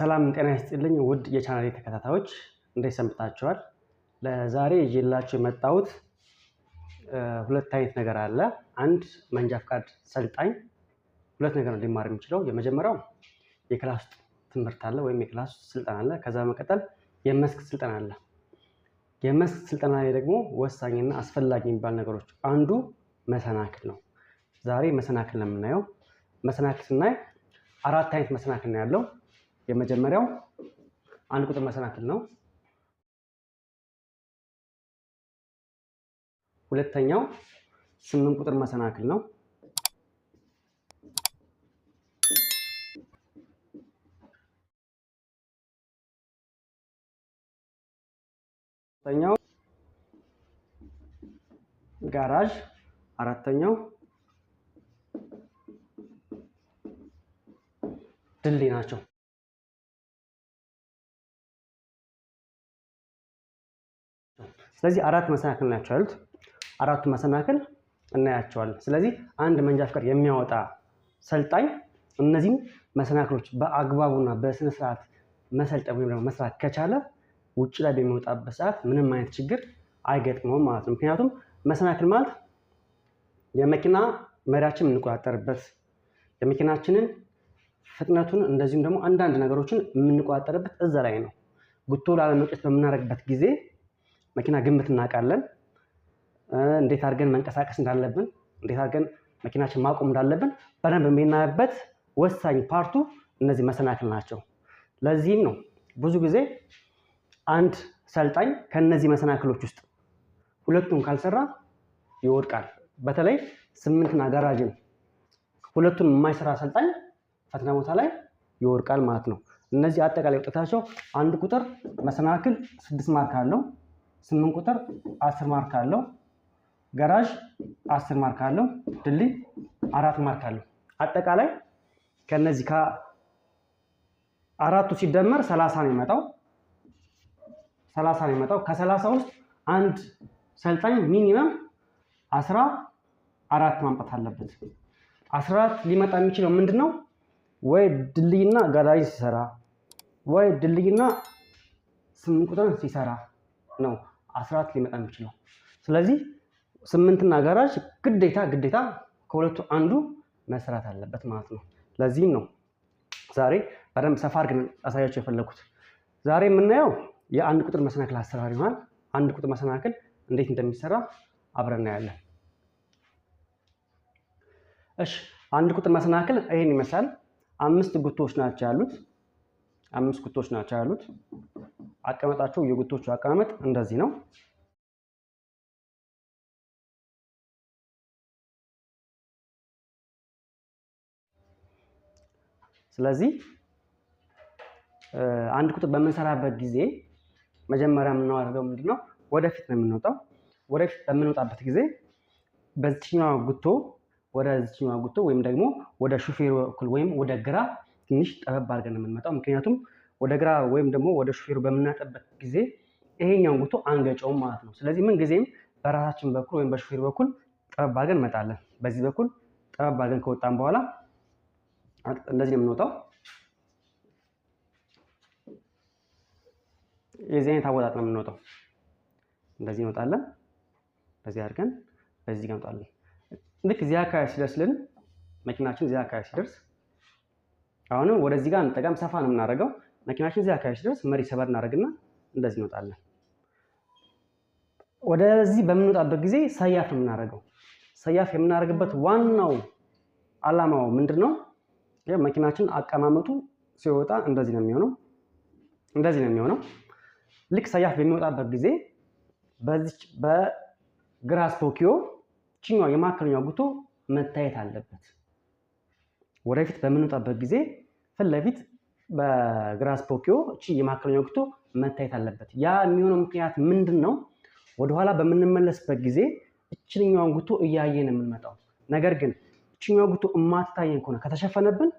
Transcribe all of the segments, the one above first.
ሰላም ጤና ይስጥልኝ። ውድ የቻናሌ ተከታታዮች እንዴት ሰንብታችኋል? ለዛሬ ይዤላችሁ የመጣሁት ሁለት አይነት ነገር አለ። አንድ መንጃ ፈቃድ ሰልጣኝ ሁለት ነገር ነው ሊማር የሚችለው። የመጀመሪያው የክላስ ትምህርት አለ ወይም የክላስ ስልጠና አለ። ከዛ በመቀጠል የመስክ ስልጠና አለ። የመስክ ስልጠና ላይ ደግሞ ወሳኝና አስፈላጊ የሚባል ነገሮች አንዱ መሰናክል ነው። ዛሬ መሰናክል ነው የምናየው። መሰናክል ስናይ አራት አይነት መሰናክል ነው ያለው። የመጀመሪያው አንድ ቁጥር መሰናክል ነው። ሁለተኛው ስምንት ቁጥር መሰናክል ነው። ሶስተኛው ጋራዥ፣ አራተኛው ድልድይ ናቸው። ስለዚህ አራት መሰናክል ናቸው ያሉት። አራቱ መሰናክል እናያቸዋለን። ስለዚህ አንድ መንጃ ፍቃድ የሚያወጣ ሰልጣኝ እነዚህም መሰናክሎች በአግባቡና በስነስርዓት መሰልጠን ወይም ደግሞ መስራት ከቻለ ውጭ ላይ በሚወጣበት ሰዓት ምንም አይነት ችግር አይገጥመውም ማለት ነው። ምክንያቱም መሰናክል ማለት የመኪና መሪያችን የምንቆጣጠርበት የመኪናችንን ፍጥነቱን እንደዚሁም ደግሞ አንዳንድ ነገሮችን የምንቆጣጠርበት እዛ ላይ ነው። ጉቶ ላለመውጨት በምናደርግበት ጊዜ መኪና ግምት እናውቃለን። እንዴት አድርገን መንቀሳቀስ እንዳለብን፣ እንዴት አድርገን መኪናችን ማቆም እንዳለብን በደንብ የምናይበት ወሳኝ ፓርቱ እነዚህ መሰናክል ናቸው። ለዚህም ነው ብዙ ጊዜ አንድ ሰልጣኝ ከነዚህ መሰናክሎች ውስጥ ሁለቱን ካልሰራ ይወድቃል። በተለይ ስምንትና ጋራዥን ሁለቱን የማይሰራ ሰልጣኝ ፈተና ቦታ ላይ ይወድቃል ማለት ነው። እነዚህ አጠቃላይ ውጤታቸው አንድ ቁጥር መሰናክል ስድስት ማርክ አለው። ስምንት ቁጥር አስር ማርክ አለው። ጋራዥ አስር ማርክ አለው። ድልድይ አራት ማርክ አለው። አጠቃላይ ከነዚህ ከአራቱ ሲደመር ሰላሳ ነው የሚመጣው። ሰላሳ ነው የመጣው። ከሰላሳ ውስጥ አንድ ሰልጣኝ ሚኒመም አስራ አራት ማምጣት አለበት። አስራ አራት ሊመጣ የሚችለው ምንድን ነው? ወይ ድልድይና ጋዳሪ ሲሰራ ወይ ድልድይና ስምንት ቁጥር ሲሰራ ነው አስራ አራት ሊመጣ የሚችለው። ስለዚህ ስምንትና ጋራጅ ግዴታ ግዴታ ከሁለቱ አንዱ መስራት አለበት ማለት ነው። ለዚህም ነው ዛሬ በደንብ ሰፋ አድርገን አሳያቸው የፈለኩት ዛሬ የምናየው የአንድ ቁጥር መሰናክል አሰራር ይሆናል። አንድ ቁጥር መሰናክል እንዴት እንደሚሰራ አብረን እናያለን። እሺ አንድ ቁጥር መሰናክል ይሄን ይመስላል። አምስት ጉቶች ናቸው ያሉት። አምስት ጉቶች ናቸው ያሉት። አቀመጣቸው የጉቶቹ አቀማመጥ እንደዚህ ነው። ስለዚህ አንድ ቁጥር በምንሰራበት ጊዜ መጀመሪያ የምናደርገው ምንድን ነው? ወደፊት ነው የምንወጣው። ወደፊት በምንወጣበት ጊዜ በዚችኛዋ ጉቶ ወደዚችኛዋ ጉቶ ወይም ደግሞ ወደ ሹፌሩ በኩል ወይም ወደ ግራ ትንሽ ጠበብ አድርገን ነው የምንመጣው። ምክንያቱም ወደ ግራ ወይም ደግሞ ወደ ሹፌሩ በምናጠበት ጊዜ ይሄኛውን ጉቶ አንገጨውም ማለት ነው። ስለዚህ ምን ጊዜም በራሳችን በኩል ወይም በሹፌሩ በኩል ጠበብ አድርገን እንመጣለን። በዚህ በኩል ጠበብ አድርገን ከወጣን በኋላ እንደዚህ ነው የምንወጣው። የዚህ አይነት አወጣጥ ነው የምንወጣው። እንደዚህ እንወጣለን። በዚህ አድርገን በዚህ ገምጣለን። ልክ እዚህ አካባቢ ሲደርስልን መኪናችን እዚህ አካባቢ ሲደርስ አሁንም ወደዚህ ጋር እንጠቀም ሰፋ ነው የምናደርገው። መኪናችን እዚህ አካባቢ ሲደርስ መሪ ሰበር እናደርግና እንደዚህ እንወጣለን። ወደዚህ በምንወጣበት ጊዜ ሰያፍ ነው የምናደርገው። ሰያፍ የምናደርግበት ዋናው አላማው ምንድን ነው? መኪናችን አቀማመጡ ሲወጣ እንደዚህ ነው የሚሆነው። እንደዚህ ነው የሚሆነው። ልክ ሰያፍ በሚወጣበት ጊዜ በዚች በግራስ ፖኪዮ ችኛው የማዕከለኛው ጉቶ መታየት አለበት። ወደፊት በምንወጣበት ጊዜ ፊት ለፊት በግራስ ፖኪዮ እቺ የማዕከለኛው ጉቶ መታየት አለበት። ያ የሚሆነው ምክንያት ምንድን ነው? ወደኋላ በምንመለስበት ጊዜ እችኛዋን ጉቶ እያየን የምንመጣው ነገር ግን እችኛዋ ጉቶ እማትታየን ከሆነ ከተሸፈነብን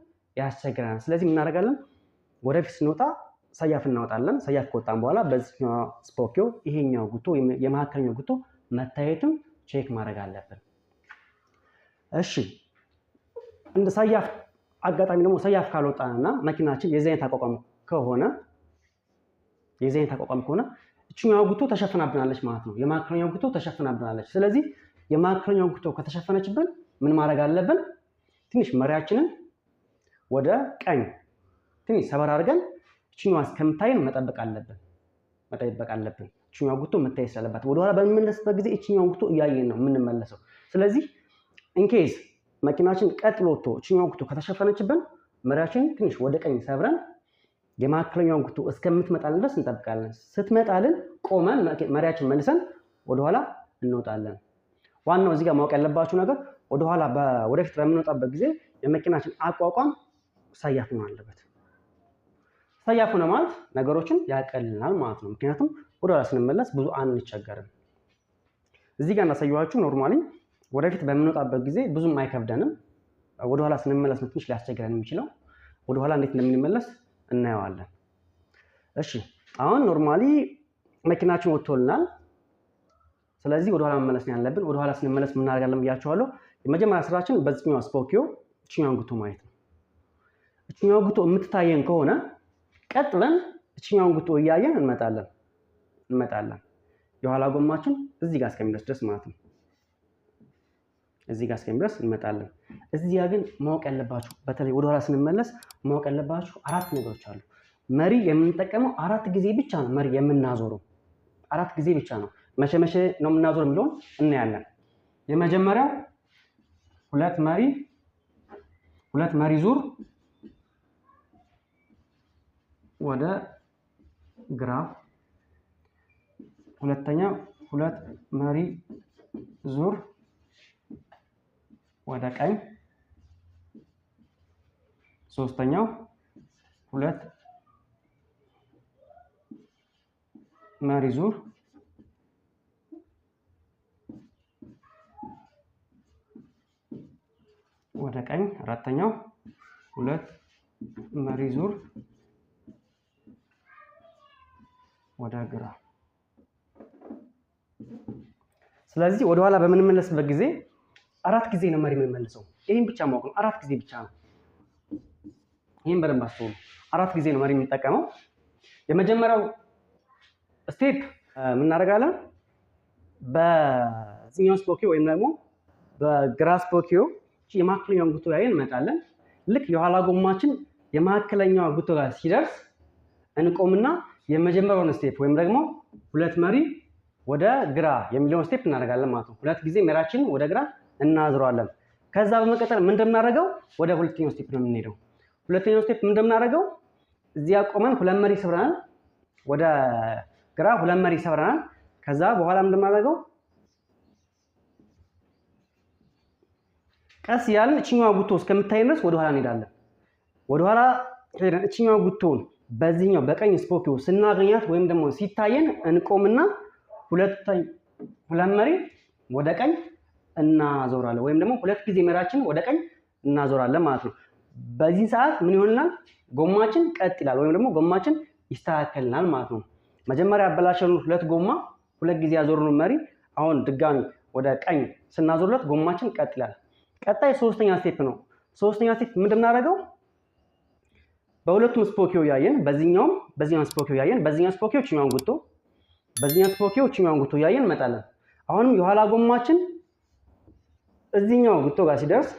ያስቸግረናል። ስለዚህ ምናደርጋለን? ወደፊት ስንወጣ ሰያፍ እናወጣለን። ሰያፍ ከወጣን በኋላ በዚህኛው ስፖኪዮ ይሄኛው ጉቶ የመካከለኛው ጉቶ መታየትም ቼክ ማድረግ አለብን። እሺ እንደ ሰያፍ አጋጣሚ ደግሞ ሰያፍ ካልወጣንና መኪናችን የዚህ አይነት አቋቋም ከሆነ የዚህ አይነት አቋቋም ከሆነ እችኛዋ ጉቶ ተሸፍናብናለች ማለት ነው። የመካከለኛው ጉቶ ተሸፍናብናለች። ስለዚህ የመካከለኛው ጉቶ ከተሸፈነችብን ምን ማድረግ አለብን? ትንሽ መሪያችንን ወደ ቀኝ ትንሽ ሰበር አድርገን ችኛዋ እስከምታይ መጠበቅ አለብን መጠበቅ አለብን። እችኛዋ ጉቶ መታየት ስላለባት ወደኋላ በምንመለስበት ጊዜ እችኛዋን ጉቶ እያየን ነው የምንመለሰው። ስለዚህ ኢንኬዝ መኪናችን ቀጥሎ ወጥቶ እችኛዋን ጉቶ ከተሸፈነችብን መሪያችን ትንሽ ወደ ቀኝ ሰብረን የመካከለኛዋን ጉቶ እስከምትመጣልን ድረስ እንጠብቃለን። ስትመጣልን ቆመን መሪያችን መልሰን ወደኋላ እንወጣለን። ዋናው እዚህ ጋር ማወቅ ያለባችሁ ነገር ወደኋላ ወደፊት በምንወጣበት ጊዜ የመኪናችን አቋቋም ሳያፍ ነው አለበት። ሰያፍ ሆነ ማለት ነገሮችን ያቀልናል ማለት ነው። ምክንያቱም ወደ ስንመለስ ብዙ አንቸገርም። እዚህ ጋር እናሳየኋችሁ። ኖርማሊ ወደፊት በምንወጣበት ጊዜ ብዙም አይከብደንም። ወደኋላ ስንመለስ ነው ትንሽ ሊያስቸግረን የሚችለው። ወደኋላ እንዴት እንደምንመለስ እናየዋለን። እሺ አሁን ኖርማሊ መኪናችን ወጥቶልናል። ስለዚህ ወደኋላ መመለስ ነው ያለብን። ወደኋላ ስንመለስ ምናደርጋለን ብያቸዋለሁ የመጀመሪያ ስራችን በዚህኛው ስፖኪዮ እችኛውን ጉቶ ማየት ነው። እችኛው ጉቶ የምትታየን ከሆነ ቀጥ ብለን እችኛውን ጉቶ እያየን እንመጣለን እንመጣለን የኋላ ጎማችን እዚህ ጋር እስከሚደርስ ድረስ ማለት ነው። እዚህ ጋር እስከሚደርስ እንመጣለን። እዚህ ጋር ግን ማወቅ ያለባችሁ በተለይ ወደኋላ ስንመለስ ማወቅ ያለባችሁ አራት ነገሮች አሉ። መሪ የምንጠቀመው አራት ጊዜ ብቻ ነው። መሪ የምናዞረው አራት ጊዜ ብቻ ነው። መቼ መቼ ነው የምናዞር የሚለውን እናያለን። የመጀመሪያው ሁለት መሪ ሁለት መሪ ዙር ወደ ግራፍ ሁለተኛ ሁለት መሪ ዙር ወደ ቀኝ ሶስተኛው ሁለት መሪ ዙር ወደ ቀኝ አራተኛው ሁለት መሪ ዙር ወደ ግራ። ስለዚህ ወደኋላ በምንመለስበት ጊዜ አራት ጊዜ ነው መሪ የምንመልሰው። ይህም ብቻ ማወቅ ነው። አራት ጊዜ ብቻ ነው። ይህም በደንብ አስተውሉ። አራት ጊዜ ነው መሪ የሚጠቀመው። የመጀመሪያው ስቴፕ የምናደርጋለን በዚኛው ስፖኪዮ ወይም ደግሞ በግራ ስፖኪዮ የመካከለኛውን ጉቶ ላይ እንመጣለን። ልክ የኋላ ጎማችን የመካከለኛው ጉቶ ጋር ሲደርስ እንቆምና የመጀመሪያውን ስቴፕ ወይም ደግሞ ሁለት መሪ ወደ ግራ የሚለውን ስቴፕ እናደርጋለን ማለት ነው። ሁለት ጊዜ መሪያችን ወደ ግራ እናዝረዋለን። ከዛ በመቀጠል ምን እንደምናደርገው ወደ ሁለተኛው ስቴፕ ነው የምንሄደው። ሁለተኛው ስቴፕ ምን እንደምናደርገው እዚያ ቆመን ሁለት መሪ ሰብረናል፣ ወደ ግራ ሁለት መሪ ሰብረናል። ከዛ በኋላ ምን እንደምናደርገው ቀስ ያልን እችኛዋ ጉቶ እስከምታይ ድረስ ወደኋላ እንሄዳለን። ወደኋላ ሄደን እችኛዋ ጉቶን በዚህኛው በቀኝ ስፖኪው ስናገኛት ወይም ደግሞ ሲታየን እንቆምና ሁለት መሪ ወደ ቀኝ እናዞራለን ወይም ደግሞ ሁለት ጊዜ መሪያችን ወደ ቀኝ እናዞራለን ማለት ነው። በዚህ ሰዓት ምን ይሆንናል? ጎማችን ቀጥ ይላል ወይም ደግሞ ጎማችን ይስተካከልናል ማለት ነው። መጀመሪያ ያበላሸኑ ሁለት ጎማ ሁለት ጊዜ ያዞርኑ መሪ አሁን ድጋሚ ወደ ቀኝ ስናዞርለት ጎማችን ቀጥ ይላል። ቀጣይ ሶስተኛ ስቴፕ ነው። ሶስተኛ ስቴፕ ምንድን እናደርገው? በሁለቱም ስፖኪዮ ያየን፣ በዚህኛውም በዚህኛው ስፖኪዮ ያየን፣ በዚህኛው ስፖኪዮ እችኛውን ጉቶ፣ በዚህኛው ስፖኪዮ እችኛውን ጉቶ ያየን እንመጣለን። አሁንም የኋላ ጎማችን እዚህኛው ጉቶ ጋር ሲደርስ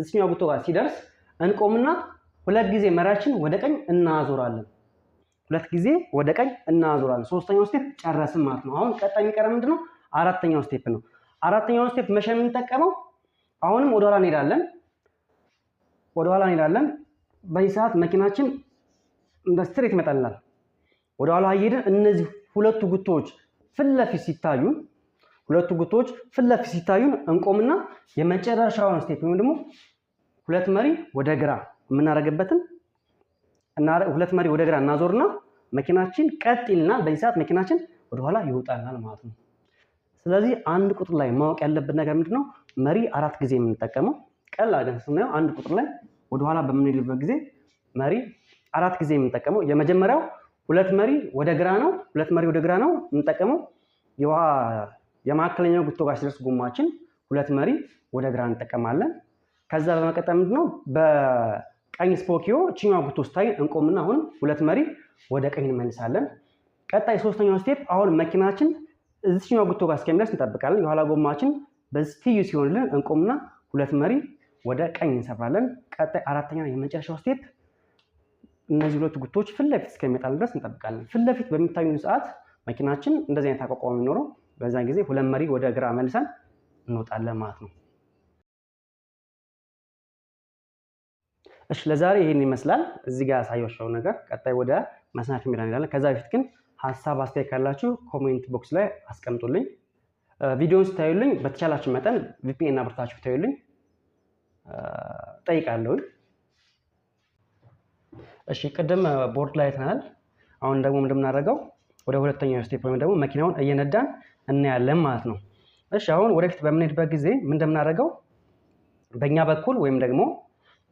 እዚህኛው ጉቶ ጋር ሲደርስ እንቆምና ሁለት ጊዜ መሪያችን ወደ ቀኝ እናዞራለን። ሁለት ጊዜ ወደ ቀኝ እናዞራለን። ሶስተኛው ስቴፕ ጨረስን ማለት ነው። አሁን ቀጣይ የሚቀረ ምንድን ነው? አራተኛው ስቴፕ ነው። አራተኛው ስቴፕ መቼ የምንጠቀመው? አሁንም ወደኋላ እንሄዳለን፣ ወደኋላ እንሄዳለን በዚህ ሰዓት መኪናችን እንደ ስትሬት ይመጣልናል። ወደ ኋላ ሄደን እነዚህ ሁለቱ ጉቶዎች ፊት ሲታዩ ሲታዩን ሁለቱ ጉቶዎች ፊት ለፊት ሲታዩን እንቆምና የመጨረሻውን ስቴፕ ወይም ደግሞ ሁለት መሪ ወደ ግራ የምናደርግበትን ሁለት መሪ ወደ ግራ እናዞርና መኪናችን ቀጥ ይልናል። በዚህ ሰዓት መኪናችን ወደኋላ ይወጣልናል ማለት ነው። ስለዚህ አንድ ቁጥር ላይ ማወቅ ያለብን ነገር ምንድነው? መሪ አራት ጊዜ የምንጠቀመው ቀላል አድርገን ስናየው አንድ ቁጥር ላይ ወደኋላ በምንሄድበት ጊዜ መሪ አራት ጊዜ የምንጠቀመው የመጀመሪያው ሁለት መሪ ወደ ግራ ነው፣ ሁለት መሪ ወደ ግራ ነው የምንጠቀመው። የውሃ ጉቶ ጋር ሲደርስ ጎማችን ሁለት መሪ ወደ ግራ እንጠቀማለን። ከዛ በመቀጠል ምንድነው በቀኝ ስፖኪዮ እችኛ ጉቶ ስታይ እንቆምና አሁን ሁለት መሪ ወደ ቀኝ እንመልሳለን። ቀጣይ ሶስተኛው ስቴፕ አሁን መኪናችን እዚችኛው ጉቶ ጋር እስከሚደርስ እንጠብቃለን። የኋላ ጎማችን በዚህ ትዩ ሲሆንልን እንቆምና ሁለት መሪ ወደ ቀኝ እንሰፍራለን። ቀጣይ አራተኛ የመጨረሻው ስቴፕ እነዚህ ሁለት ጉቶች ፊት ለፊት እስከሚመጣል ድረስ እንጠብቃለን። ፊት ለፊት በሚታዩን ሰዓት መኪናችን እንደዚህ አይነት አቋቋም የሚኖረው በዛን ጊዜ ሁለት መሪ ወደ ግራ መልሰን እንወጣለን ማለት ነው። እሺ ለዛሬ ይሄን ይመስላል። እዚህ ጋር ያሳያችሁ ነገር ቀጣይ ወደ መሰናክል ሜዳ እንሄዳለን። ከዛ በፊት ግን ሀሳብ አስተያየት ካላችሁ ኮሜንት ቦክስ ላይ አስቀምጡልኝ። ቪዲዮውን ስታዩልኝ በተቻላችሁ መጠን ቪፒኤን አብርታችሁ ታዩልኝ። ጠይቃለሁ። እሺ ቅድም ቦርድ ላይ አይተናል። አሁን ደግሞ እንደምናደርገው ወደ ሁለተኛው ስቴፕ ወይም ደግሞ መኪናውን እየነዳን እናያለን ማለት ነው። እሺ አሁን ወደፊት በምንሄድበት ጊዜ ምን እንደምናደርገው በእኛ በኩል ወይም ደግሞ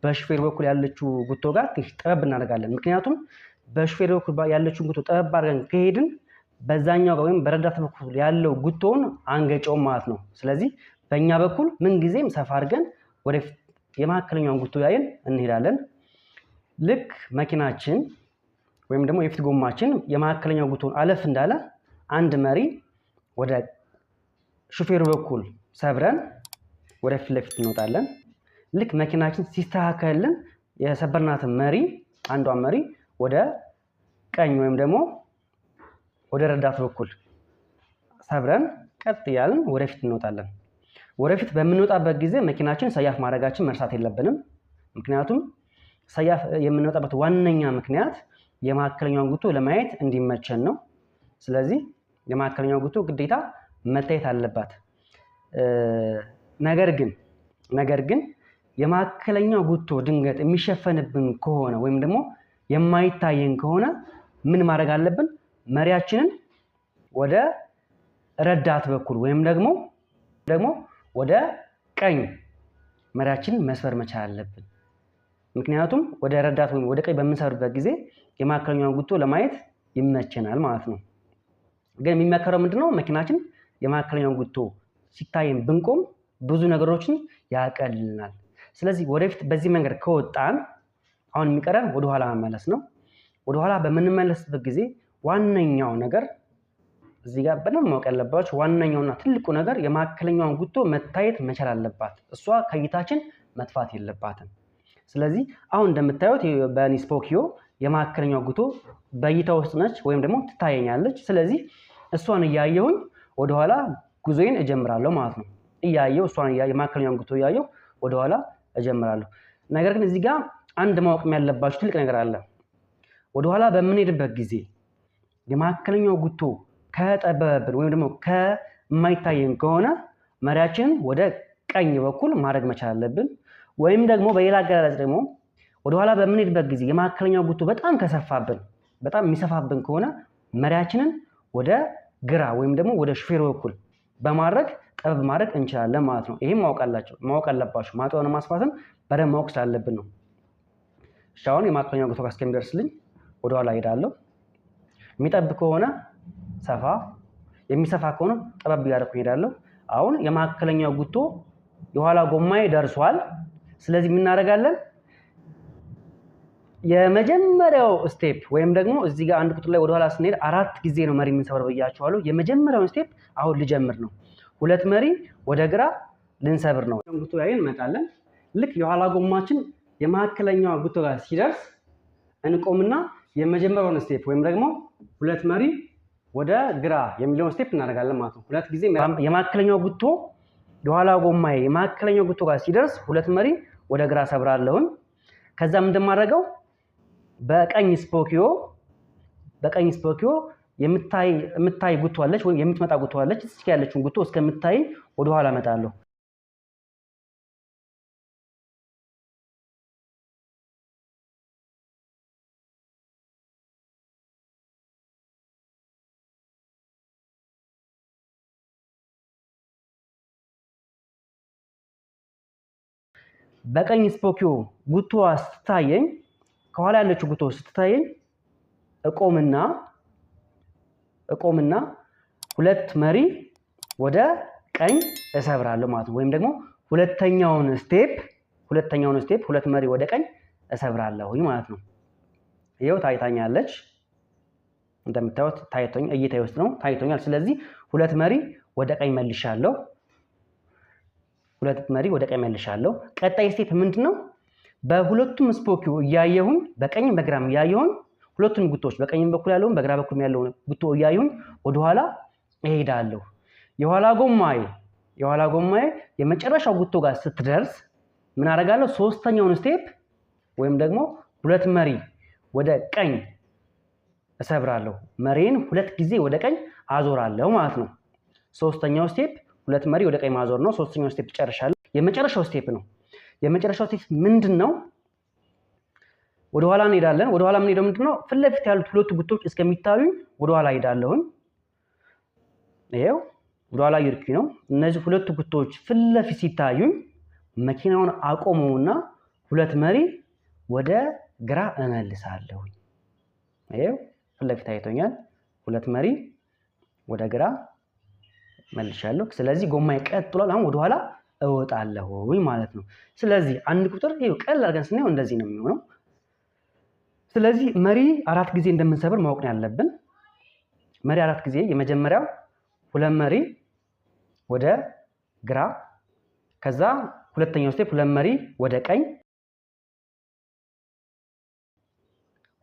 በሹፌር በኩል ያለችው ጉቶ ጋር ትንሽ ጠበብ እናደርጋለን። ምክንያቱም በሹፌር በኩል ያለችውን ጉቶ ጠበብ አድርገን ከሄድን በዛኛው ጋር ወይም በረዳት በኩል ያለው ጉቶውን አንገጨውም ማለት ነው። ስለዚህ በእኛ በኩል ምንጊዜም ሰፋ አድርገን ወደፊት የመካከለኛውን ጉቶ ያይን እንሄዳለን። ልክ መኪናችን ወይም ደግሞ የፊት ጎማችን የመካከለኛው ጉቶን አለፍ እንዳለ አንድ መሪ ወደ ሹፌሩ በኩል ሰብረን ወደ ፊት ለፊት እንወጣለን። ልክ መኪናችን ሲስተካከልን የሰበርናትን መሪ አንዷን መሪ ወደ ቀኝ ወይም ደግሞ ወደ ረዳት በኩል ሰብረን ቀጥ እያልን ወደፊት እንወጣለን። ወደፊት በምንወጣበት ጊዜ መኪናችን ሰያፍ ማድረጋችን መርሳት የለብንም። ምክንያቱም ሰያፍ የምንወጣበት ዋነኛ ምክንያት የመካከለኛውን ጉቶ ለማየት እንዲመቸን ነው። ስለዚህ የመካከለኛው ጉቶ ግዴታ መታየት አለባት። ነገር ግን ነገር ግን የመካከለኛው ጉቶ ድንገት የሚሸፈንብን ከሆነ ወይም ደግሞ የማይታየን ከሆነ ምን ማድረግ አለብን? መሪያችንን ወደ ረዳት በኩል ወይም ደግሞ ደግሞ ወደ ቀኝ መሪያችን መስበር መቻል አለብን። ምክንያቱም ወደ ረዳት ወይም ወደ ቀኝ በምንሰብርበት ጊዜ የመካከለኛውን ጉቶ ለማየት ይመቸናል ማለት ነው። ግን የሚመከረው ምንድነው? መኪናችን የመካከለኛውን ጉቶ ሲታየን ብንቆም ብዙ ነገሮችን ያቀልልናል። ስለዚህ ወደፊት በዚህ መንገድ ከወጣን አሁን የሚቀረን ወደኋላ መመለስ ነው። ወደኋላ በምንመለስበት ጊዜ ዋነኛው ነገር እዚህ ጋር በደንብ ማወቅ ያለባችሁ ዋነኛውና ትልቁ ነገር የመካከለኛውን ጉቶ መታየት መቻል አለባት። እሷ ከእይታችን መጥፋት የለባትም። ስለዚህ አሁን እንደምታዩት በኒስፖኪዮ የመካከለኛው ጉቶ በእይታ ውስጥ ነች ወይም ደግሞ ትታየኛለች። ስለዚህ እሷን እያየሁኝ ወደኋላ ጉዞዬን እጀምራለሁ ማለት ነው። እያየሁ እሷን የመካከለኛውን ጉቶ እያየሁ ወደኋላ እጀምራለሁ። ነገር ግን እዚህ ጋር አንድ ማወቅ ያለባችሁ ትልቅ ነገር አለ። ወደኋላ በምንሄድበት ጊዜ የመካከለኛው ጉቶ ከጠበበብን ወይም ደግሞ ከማይታየን ከሆነ መሪያችንን ወደ ቀኝ በኩል ማድረግ መቻል አለብን። ወይም ደግሞ በሌላ አገላለጽ ደግሞ ወደኋላ በምንሄድበት ጊዜ የመካከለኛው ጉቶ በጣም ከሰፋብን በጣም የሚሰፋብን ከሆነ መሪያችንን ወደ ግራ ወይም ደግሞ ወደ ሹፌር በኩል በማድረግ ጠበብ ማድረግ እንችላለን ማለት ነው። ይህም ማወቅ ማወቅ አለባቸው ማጠሆነ ማስፋትን በደንብ ማወቅ ስላለብን ነው። እሺ አሁን የመካከለኛው ጉቶ ጋር እስከሚደርስልኝ ወደኋላ ሄዳለሁ። የሚጠብ ከሆነ ሰፋ የሚሰፋ ከሆነ ጠበብ እያደረኩ እሄዳለሁ። አሁን የመካከለኛው ጉቶ የኋላ ጎማዬ ደርሷል። ስለዚህ የምናደርጋለን የመጀመሪያው ስቴፕ ወይም ደግሞ እዚህ ጋር አንድ ቁጥር ላይ ወደኋላ ስንሄድ አራት ጊዜ ነው መሪ የምንሰብረው ብያችኋለሁ። የመጀመሪያውን ስቴፕ አሁን ልጀምር ነው። ሁለት መሪ ወደ ግራ ልንሰብር ነው። ጉቶ ላይ እንመጣለን። ልክ የኋላ ጎማችን የመካከለኛው ጉቶ ጋር ሲደርስ እንቆምና የመጀመሪያውን ስቴፕ ወይም ደግሞ ሁለት መሪ ወደ ግራ የሚለውን ስቴፕ እናደርጋለን ማለት ነው። ሁለት ጊዜ የማከለኛው ጉቶ የኋላ ጎማዬ የማከለኛው ጉቶ ጋር ሲደርስ ሁለት መሪ ወደ ግራ ሰብራለሁኝ። ከዛ እንደማደርገው በቀኝ ስፖኪዮ በቀኝ ስፖኪዮ የምታይ ጉቶ አለች ወይም የምትመጣ ጉቶ አለች። እስኪ ያለችውን ጉቶ እስከምታይ ወደኋላ ኋላ እመጣለሁ። በቀኝ ስፖኪው ጉቶዋ ስትታየኝ ከኋላ ያለችው ጉቶ ስትታየኝ እቆምና እቆምና ሁለት መሪ ወደ ቀኝ እሰብራለሁ ማለት ነው። ወይም ደግሞ ሁለተኛውን ስቴፕ ሁለተኛውን ስቴፕ ሁለት መሪ ወደ ቀኝ እሰብራለሁ ማለት ነው። ይኸው ታይታኛለች። እንደምታዩት ታይቶኝ እይታዬ ውስጥ ነው ታይቶኛል። ስለዚህ ሁለት መሪ ወደ ቀኝ መልሻለሁ። ሁለት መሪ ወደ ቀኝ መልሻለሁ። ቀጣይ ስቴፕ ምንድን ነው? በሁለቱም ስፖኪ እያየሁኝ በቀኝም በግራም እያየሁኝ ሁለቱም ጉቶዎች በቀኝም በኩል ያለውን በግራ በኩል ያለውን ጉቶ እያየሁኝ ወደኋላ እሄዳለሁ። የኋላ ጎማዬ የኋላ ጎማዬ የመጨረሻው ጉቶ ጋር ስትደርስ ምን አደርጋለሁ? ሶስተኛውን ስቴፕ ወይም ደግሞ ሁለት መሪ ወደ ቀኝ እሰብራለሁ። መሪን ሁለት ጊዜ ወደ ቀኝ አዞራለሁ ማለት ነው። ሶስተኛው ስቴፕ ሁለት መሪ ወደ ቀኝ ማዞር ነው። ሶስተኛው ስቴፕ ጨርሻለሁ። የመጨረሻው ስቴፕ ነው። የመጨረሻው ስቴፕ ምንድን ነው? ወደኋላ እንሄዳለን። ወደኋላ ምንሄደው ምንድን ነው? ፊት ለፊት ያሉት ሁለቱ ጉቶች እስከሚታዩ ወደኋላ እሄዳለሁኝ። ይኸው ወደኋላ ይርኪ ነው። እነዚህ ሁለቱ ጉቶች ፊት ለፊት ሲታዩኝ መኪናውን አቆመውና ሁለት መሪ ወደ ግራ እመልሳለሁኝ። ይኸው ፊት ለፊት አይቶኛል። ሁለት መሪ ወደ ግራ መልሻለሁ። ስለዚህ ጎማ ቀጥሏል። አሁን ወደኋላ እወጣለሁ ማለት ነው። ስለዚህ አንድ ቁጥር ይኸው ቀላል አድርገን ስናየው እንደዚህ ነው የሚሆነው። ስለዚህ መሪ አራት ጊዜ እንደምንሰብር ማወቅ ነው ያለብን። መሪ አራት ጊዜ፣ የመጀመሪያው ሁለት መሪ ወደ ግራ፣ ከዛ ሁለተኛው ስቴፕ ሁለት መሪ ወደ ቀኝ፣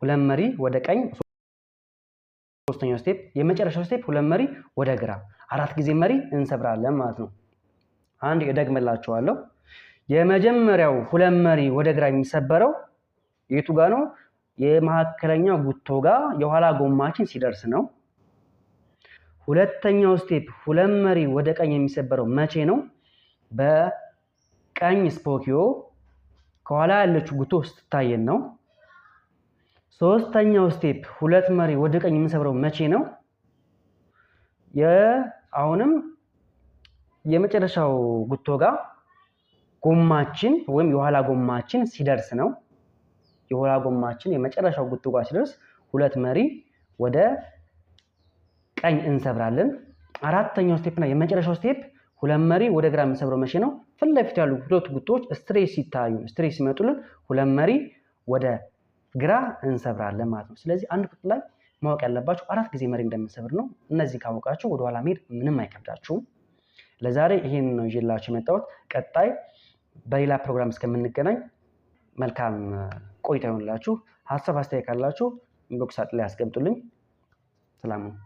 ሁለት መሪ ወደ ቀኝ፣ ሶስተኛው ስቴፕ የመጨረሻው ስቴፕ ሁለት መሪ ወደ ግራ አራት ጊዜ መሪ እንሰብራለን ማለት ነው። አንድ እደግምላችኋለሁ። የመጀመሪያው ሁለት መሪ ወደ ግራ የሚሰበረው የቱ ጋ ነው? የመካከለኛው ጉቶ ጋ የኋላ ጎማችን ሲደርስ ነው። ሁለተኛው ስቴፕ ሁለት መሪ ወደ ቀኝ የሚሰበረው መቼ ነው? በቀኝ ስፖኪዮ ከኋላ ያለችው ጉቶ ስትታየን ነው። ሶስተኛው ስቴፕ ሁለት መሪ ወደ ቀኝ የሚሰብረው መቼ ነው? አሁንም የመጨረሻው ጉቶ ጋር ጎማችን ወይም የኋላ ጎማችን ሲደርስ ነው። የኋላ ጎማችን የመጨረሻው ጉቶ ጋር ሲደርስ ሁለት መሪ ወደ ቀኝ እንሰብራለን። አራተኛው ስቴፕ እና የመጨረሻው ስቴፕ ሁለት መሪ ወደ ግራ የምንሰብረው መቼ ነው? ፊት ለፊት ያሉ ሁለት ጉቶዎች ስትሬስ ሲታዩ ስትሬስ ሲመጡልን ሁለት መሪ ወደ ግራ እንሰብራለን ማለት ነው። ስለዚህ አንድ ቁጥ ላይ ማወቅ ያለባችሁ አራት ጊዜ መሪ እንደምንሰብር ነው። እነዚህ ካወቃችሁ ወደኋላ መሄድ ምንም አይከብዳችሁም። ለዛሬ ይህን ነው ይዤላችሁ የመጣሁት። ቀጣይ በሌላ ፕሮግራም እስከምንገናኝ መልካም ቆይታ ይሆንላችሁ። ሀሳብ አስተያየት ካላችሁ ኢንቦክስ ላይ አስቀምጡልኝ። ሰላም ነው።